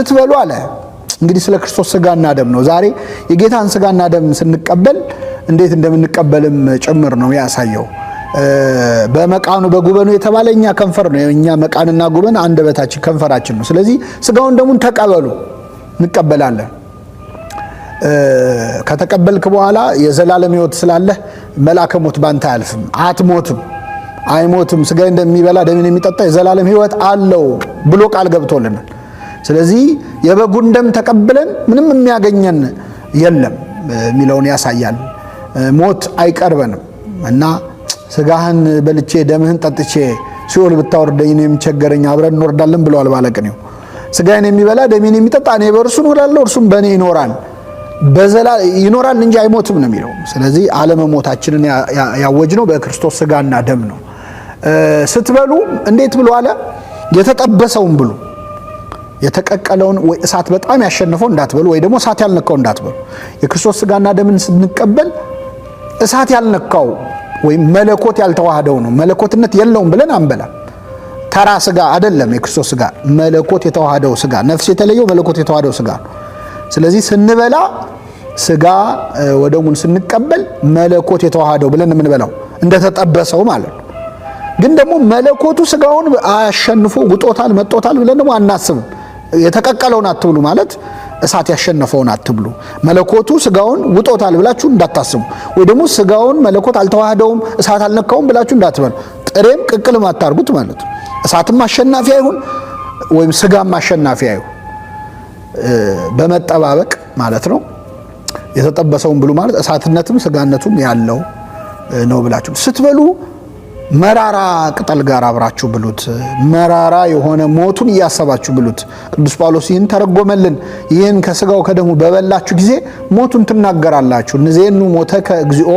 ስትበሉ አለ እንግዲህ ስለ ክርስቶስ ስጋና ደም ነው። ዛሬ የጌታን ስጋና ደም ስንቀበል እንዴት እንደምንቀበልም ጭምር ነው ያሳየው። በመቃኑ በጉበኑ የተባለ እኛ ከንፈር ነው። እኛ መቃንና ጉበን አንደበታችን ከንፈራችን ነው። ስለዚህ ስጋውን ደሙን ተቀበሉ፣ እንቀበላለን። ከተቀበልክ በኋላ የዘላለም ሕይወት ስላለህ መልአከ ሞት ባንተ አያልፍም፣ አትሞትም፣ አይሞትም። ስጋ እንደሚበላ ደምን የሚጠጣ የዘላለም ሕይወት አለው ብሎ ቃል ገብቶልናል። ስለዚህ የበጉን ደም ተቀብለን ምንም የሚያገኘን የለም የሚለውን ያሳያል። ሞት አይቀርበንም እና ስጋህን በልቼ ደምህን ጠጥቼ ሲኦል ብታወርደኝ ነው የሚቸገረኝ፣ አብረን እንወርዳለን ብለዋል ባለቅኔው። ስጋዬን የሚበላ ደሜን የሚጠጣ እኔ በእርሱ እኖራለሁ እርሱም በእኔ ይኖራል ይኖራል እንጂ አይሞትም ነው የሚለው። ስለዚህ አለመሞታችንን ነው በክርስቶስ ስጋና ደም ነው። ስትበሉ እንዴት ብሎ አለ? የተጠበሰውን ብሉ የተቀቀለውን ወይ እሳት በጣም ያሸነፈው እንዳትበሉ፣ ወይ ደግሞ እሳት ያልነካው እንዳትበሉ። የክርስቶስ ስጋና ደምን ስንቀበል እሳት ያልነካው ወይም መለኮት ያልተዋህደው ነው። መለኮትነት የለውም ብለን አንበላ። ተራ ስጋ አይደለም የክርስቶስ ስጋ፣ መለኮት የተዋህደው ስጋ፣ ነፍስ የተለየው መለኮት የተዋህደው ስጋ ነው። ስለዚህ ስንበላ ስጋ ወደሙን ስንቀበል መለኮት የተዋህደው ብለን የምንበላው እንደተጠበሰው ማለት ነው። ግን ደግሞ መለኮቱ ስጋውን አሸንፎ ውጦታል መጦታል ብለን ደግሞ አናስብም። የተቀቀለውን አትብሉ ማለት እሳት ያሸነፈውን አትብሉ። መለኮቱ ስጋውን ውጦታል ብላችሁ እንዳታስቡ፣ ወይ ደግሞ ስጋውን መለኮት አልተዋህደውም እሳት አልነካውም ብላችሁ እንዳትበሉ። ጥሬም ቅቅልም አታርጉት ማለት እሳትም አሸናፊ አይሁን ወይም ስጋም አሸናፊ አይሁን፣ በመጠባበቅ ማለት ነው። የተጠበሰውን ብሉ ማለት እሳትነትም ስጋነቱም ያለው ነው ብላችሁ ስትበሉ መራራ ቅጠል ጋር አብራችሁ ብሉት። መራራ የሆነ ሞቱን እያሰባችሁ ብሉት። ቅዱስ ጳውሎስ ይህን ተረጎመልን። ይህን ከስጋው ከደሙ በበላችሁ ጊዜ ሞቱን ትናገራላችሁ። ንዜኑ ሞተ ከእግዚኦ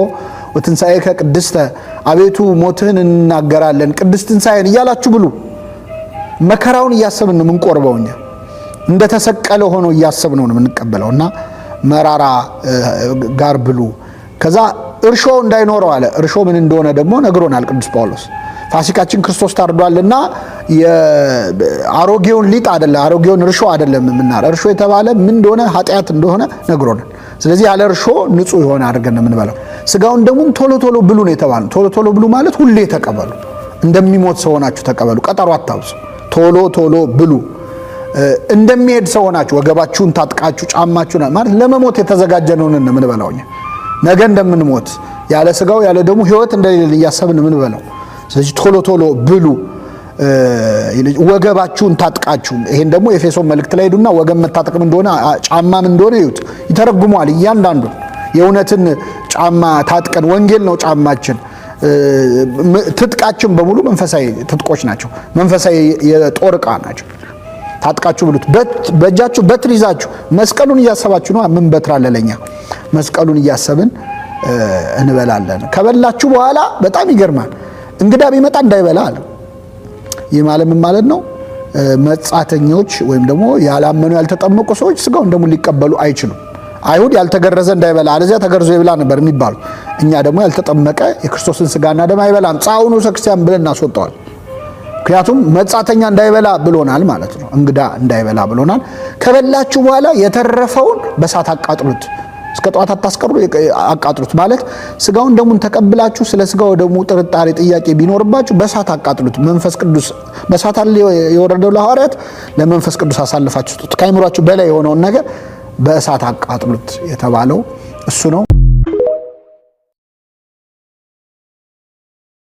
ወትንሣኤ ከቅድስተ፣ አቤቱ ሞትህን እንናገራለን ቅድስ ትንሣኤን እያላችሁ ብሉ። መከራውን እያሰብን ነው የምንቆርበው እኛ እንደ ተሰቀለ ሆኖ እያሰብነው ነው የምንቀበለው እና መራራ ጋር ብሉ ከዛ እርሾ እንዳይኖረው አለ። እርሾ ምን እንደሆነ ደግሞ ነግሮናል ቅዱስ ጳውሎስ። ፋሲካችን ክርስቶስ ታርዷልና አሮጌውን ሊጥ አደለ አሮጌውን እርሾ አደለም የምናረ እርሾ የተባለ ምን እንደሆነ ኃጢአት እንደሆነ ነግሮናል። ስለዚህ ያለ እርሾ ንጹሕ የሆነ አድርገን የምንበላው ስጋውን ደግሞ ቶሎ ቶሎ ብሉ ነው የተባለ። ቶሎ ቶሎ ብሉ ማለት ሁሌ ተቀበሉ፣ እንደሚሞት ሰው ሆናችሁ ተቀበሉ፣ ቀጠሮ አታብሱ። ቶሎ ቶሎ ብሉ እንደሚሄድ ሰው ሆናችሁ ወገባችሁን ታጥቃችሁ ጫማችሁ ማለት ለመሞት የተዘጋጀነውን የምንበላው እኛ ነገ እንደምንሞት ያለ ስጋው ያለ ደሙ ህይወት እንደሌለን እያሰብን ምን በለው። ስለዚህ ቶሎ ቶሎ ብሉ ወገባችሁን ታጥቃችሁ። ይሄን ደግሞ ኤፌሶን መልእክት ላይ ሄዱና ወገብ መታጠቅም እንደሆነ ጫማም እንደሆነ ይዩት፣ ይተረጉመዋል። እያንዳንዱ የእውነትን ጫማ ታጥቀን ወንጌል ነው ጫማችን። ትጥቃችን በሙሉ መንፈሳዊ ትጥቆች ናቸው፣ መንፈሳዊ የጦር ዕቃ ናቸው። ታጥቃችሁ ብሉት። በእጃችሁ በትር ይዛችሁ መስቀሉን እያሰባችሁ ነው። ምን በትር አለለኛ መስቀሉን እያሰብን እንበላለን። ከበላችሁ በኋላ በጣም ይገርማል። እንግዳ ቢመጣ እንዳይበላ አለ። ይህ ማለምን ማለት ነው? መጻተኞች ወይም ደግሞ ያላመኑ ያልተጠመቁ ሰዎች ስጋውን ደግሞ ሊቀበሉ አይችሉም። አይሁድ ያልተገረዘ እንዳይበላ አለዚያ ተገርዞ ይብላ ነበር የሚባሉ፣ እኛ ደግሞ ያልተጠመቀ የክርስቶስን ስጋና ደም አይበላም ጻውኑ ሰክርስቲያን ብለን እናስወጠዋል። ምክንያቱም መጻተኛ እንዳይበላ ብሎናል ማለት ነው። እንግዳ እንዳይበላ ብሎናል። ከበላችሁ በኋላ የተረፈውን በሳት አቃጥሉት። እስከ ጠዋት አታስቀሩ፣ አቃጥሉት። ማለት ስጋውን ደሙን ተቀብላችሁ ስለ ስጋው ደሙ ጥርጣሬ ጥያቄ ቢኖርባችሁ በሳት አቃጥሉት። መንፈስ ቅዱስ በሳት አለ የወረደው ለሐዋርያት ለመንፈስ ቅዱስ አሳልፋችሁ ስጡት። ከአይምሯችሁ በላይ የሆነውን ነገር በእሳት አቃጥሉት የተባለው እሱ ነው።